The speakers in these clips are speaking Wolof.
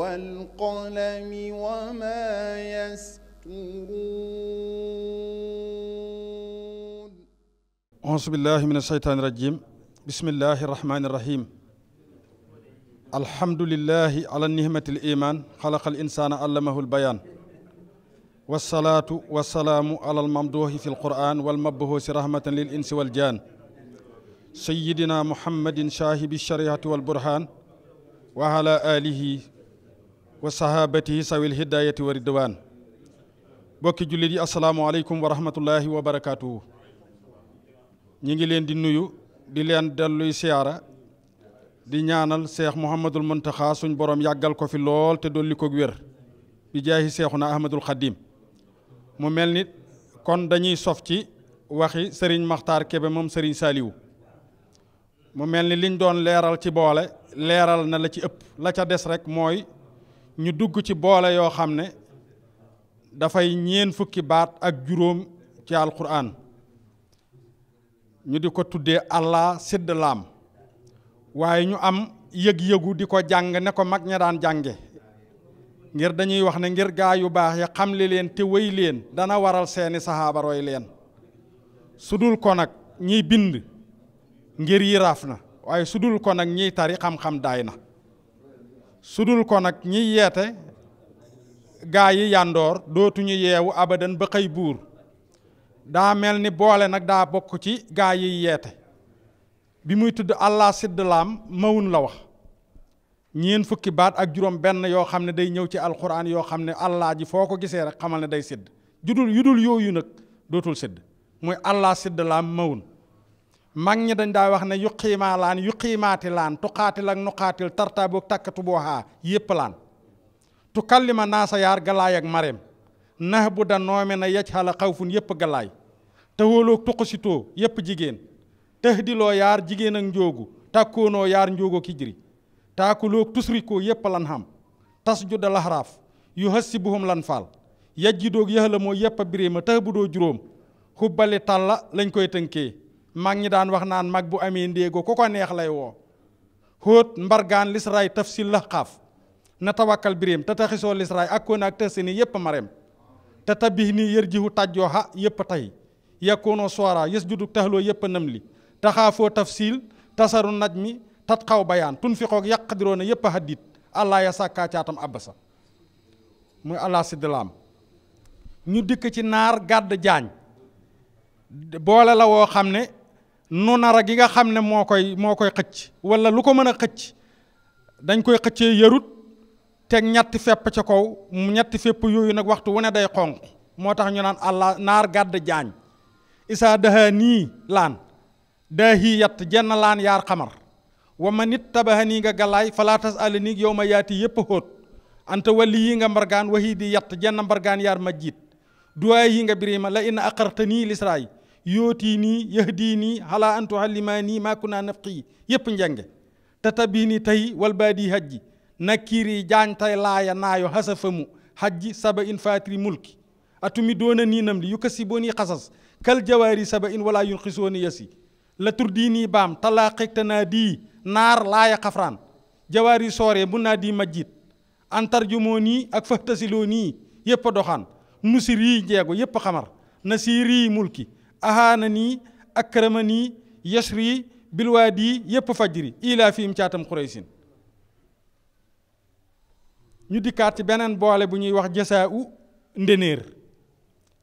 والقلم وما يسطرون أعوذ بالله من الشيطان الرجيم بسم الله الرحمن الرحيم الحمد لله على نعمة الإيمان خلق الإنسان علمه البيان والصلاة والسلام على الممدوح في القرآن والمبهوث رحمة للإنس والجان sayyidina muhammadin saahibi shariati wal burhaan wa ala alihi wa sahaabatihi sawil hidayati wa ridwaan bokki jullit yi asalaamualeykum wa rahmatullahi wa barakaatuhu ñi ngi leen di nuyu di leen delluy siyaara di ñaanal seex muhammadul muntaxa suñ boroom yàggal ko fi lool te dolli ko wér bi jaahi seexuna ahmadul xadim mu mel ni kon dañuy sof ci waxi sëriñ maxtaar kebe moom sëriñ saaliwu mu mel ni liñ doon leeral ci boole leeral na la ci ëpp la ca des rek mooy ñu dugg ci boole yoo xam ne dafay ñeen fukki baat ak juróom ci alquran ñu di ko tuddee allah sidd laam waaye ñu am yëg-yëgu di ko jàng ne ko mag ña daan jànge ngir dañuy wax ne ngir gaa yu baax ya xam li leen te wéy leen dana waral seeni saxaaba roy leen su dul ko nag ñiy bind ngir yi raaf na waaye sudul ko nag ñiy tari xam-xam daay na sudul ko nag ñiy yeete gaa yi yandoor dootuñu yeewu abadan ba xëy buur daa mel ni boole nag daa bokk ci gaa yi yeete bi muy tudd allah sidd laam mawun la wax ñeen fukki baat ak juróom benn yoo xam ne day ñëw ci alxuraan yoo xam ne allah ji foo ko gisee rek xamal ne day sidd judul yudul yooyu nag dootul sidd muy allah sidd laam mawun mag ñi dañ daa wax ne yuqiimaa laan yuqiimaati laan tuqaatil ak nuqaatil tartaa boog takkatu boo xaa yépp laan tukallima naasa yaar galaay ak mareem nax bu da noome na yaj xala xawfun yépp galaay te wóoloog tuqusitoo yépp jigéen tëx diloo yaar jigéen ak njoogu tàkkoonoo yaar njoogo kijiri taakuloog tusrikoo yépp lan xam tas judda laxaraaf yu xës si lan faal yaj ji doog moo yépp a biréema tëx juróom xubbali tàlla lañ koy tënkee mag ñi daan wax naan mag bu amee ndéego ku ko neex lay woo xóot mbargaan lisraay taf si la xaaf na tawakkal birim te taxisoo lisraay ak koon ak tësi ni yëpp te tabbi yër jihu tajjoo xa yëpp tay yakkoonoo soora yës juduk taxloo yëpp nam li taxaafoo taf siil tasaru naj mi tat xaw bayaan tun fi xoog yàq diroo haddit allah ya sàkkaa caatam abbasa muy allah ñu dikk ci naar gàdd jaañ boole la woo xam ne nu nara gi nga xam ne moo koy moo koy xëcc wala lu ko mën a xëcc dañ koy xëccee yarut teg ñetti fepp ca kaw ñetti fepp yooyu nag waxtu wu ne day xonq moo tax ñu naan allah naar gàdd jaañ isaa daha nii laan daahi yatt jenn laan yaar xamar wa ma nit tabaxa nii nga galaay falaa tas àll nii yow ma yaati yépp xóot anta walli yi nga mbargaan waxii di yatt jenn mbargaan yaar ma jiit duwaay yii nga birima la ina aqarta nii lisraay yóotii nii yahdii nii xalaa an tuallimaa nii maaku naa naf qi yépp njànge tatabii ni tey wal baadi hajji nakkiiri jaañtay laaya naayo hasafamu hajji saba in faatiri mulki atumi doona nii nam li yu kasibooni xasas kal jawaari saba in walaa yun xisooni yasi la turdii nii baam talaaqegte naa dii naar laaya xafraan jawaari soore mun naa di majjit antarjumoo nii ak fahtasiloo nii yépp a doxaan nusiri jeego yépp a xamar nasiiri mulki ahaana nii ak akrama nii yashri bilwaadi yëpp fajri ilaa fiim caatam xuraysin ñu dikkaat ci beneen boole bu ñuy wax jësaa u ndénéer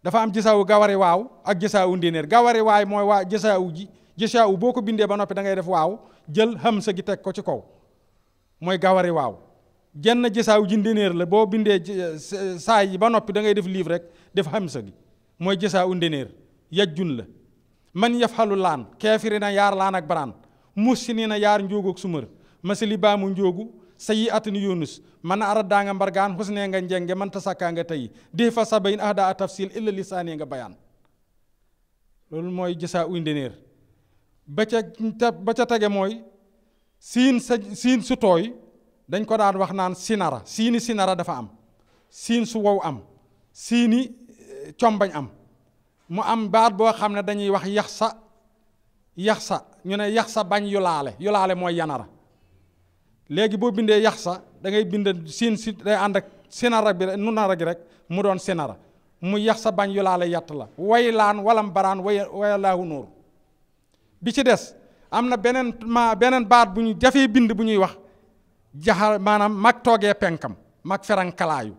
dafa am jësaa u gawari waaw ak jësaa u ndénéer gawari waay mooy waa jësaa u ji jësaa u boo ko bindee ba noppi dangay def waaw jël hamsa gi teg ko ci kaw mooy gawari waaw jenn jësaaw ji ndénéer la boo bindee saa yi ba noppi da ngay def livre rek def hamsa gi mooy jësaawu ndénéer jun la man yafxalu laan keefiri na yaar laan ak baraan mussini na yaar njóogu ak sumar masali baamu njóogu sayi atani yunus man arada nga mbargaan husne nga njenge man tasakka nga tayi di fa sabayin ahda a tafsil illa lisaani nga bayaan loolu mooy gisaa uy ndeneer ba ca ba ca tege mooy siin sa siin su tooy dañ ko daan wax naan sinara siini sinara dafa am siin su wow am siini eh, combañ am mu am baat boo xam ne dañuy wax yax sa yax sa ñu ne yax sa bañ yu laale mooy yanara léegi boo bindee yax sa da bind siin si day ànd ak sinara bi nunara gi rek mu doon sinara mu yax sa bañ yu laale yatt la way laan walam baraan way wayalaahu nóor bi ci des am na beneen ma beneen baat bu ñu jafee bind bu ñuy wax jaxal maanaam mag toogee penkam mag ferankalaayu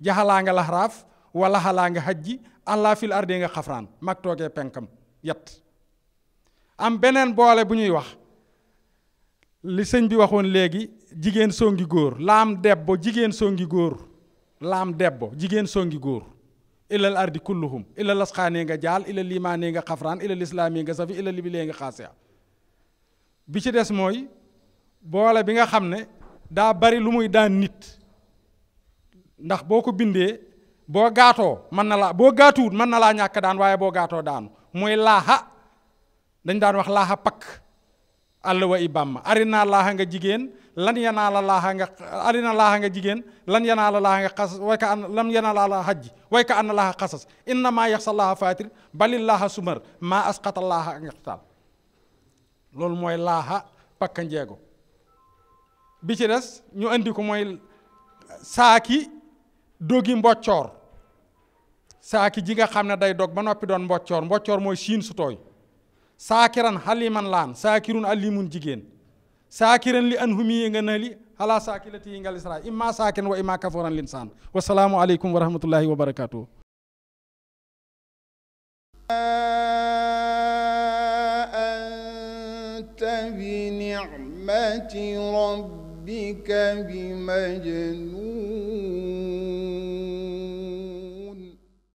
jaxalaa nga laxraaf wa laxalaa nga xajji allah fil ardi nga xafraan mag toogee penkam yet am beneen boole bu ñuy wax li sëñ bi waxoon léegi jigéen songi góor laam debbo jigéen songi góor laam debbo jigéen songi góor ilal ardi kulluhum ilal asxaanee nga jaal ilal limaanee nga xafraan ilal islaamee nga safi ilal libilee nga xaasiya bi ci des mooy boole bi nga xam ne daa bari lu muy daan nit ndax boo ko bindee boo gaatoo mën na laa boo gaatuwut mën na laa ñàkk daan waaye boo gaatoo daanu mooy laaxa dañ daan wax laaxa pakk àll wa i bàmm arina nga jigéen lan yanaa la laaxa nga arina laaxa nga jigéen lan yenaa la laaxa nga xasas way ka an lan yanaa la laaxa xajji way ka an na laaxa xasas innama yaxsa laaxa fatir bali laaxa sumar maa asqata laaxa ngaqtaal loolu mooy laaxa pakk njeego bi ci des ñu indi ko mooy saaki dogi mboccoor saaki ji nga xam ne day dog ba noppi doon mboccoor mboccoor mooy siin su tooy saakiran xaliman laan saakirun alimun jigéen saakiran li an humiyi nga na li ala saakilati yi ngal isra saakiran wa imma kafuran linsaan wasalaamu aleykum wa rahmatullahi wa barakatuh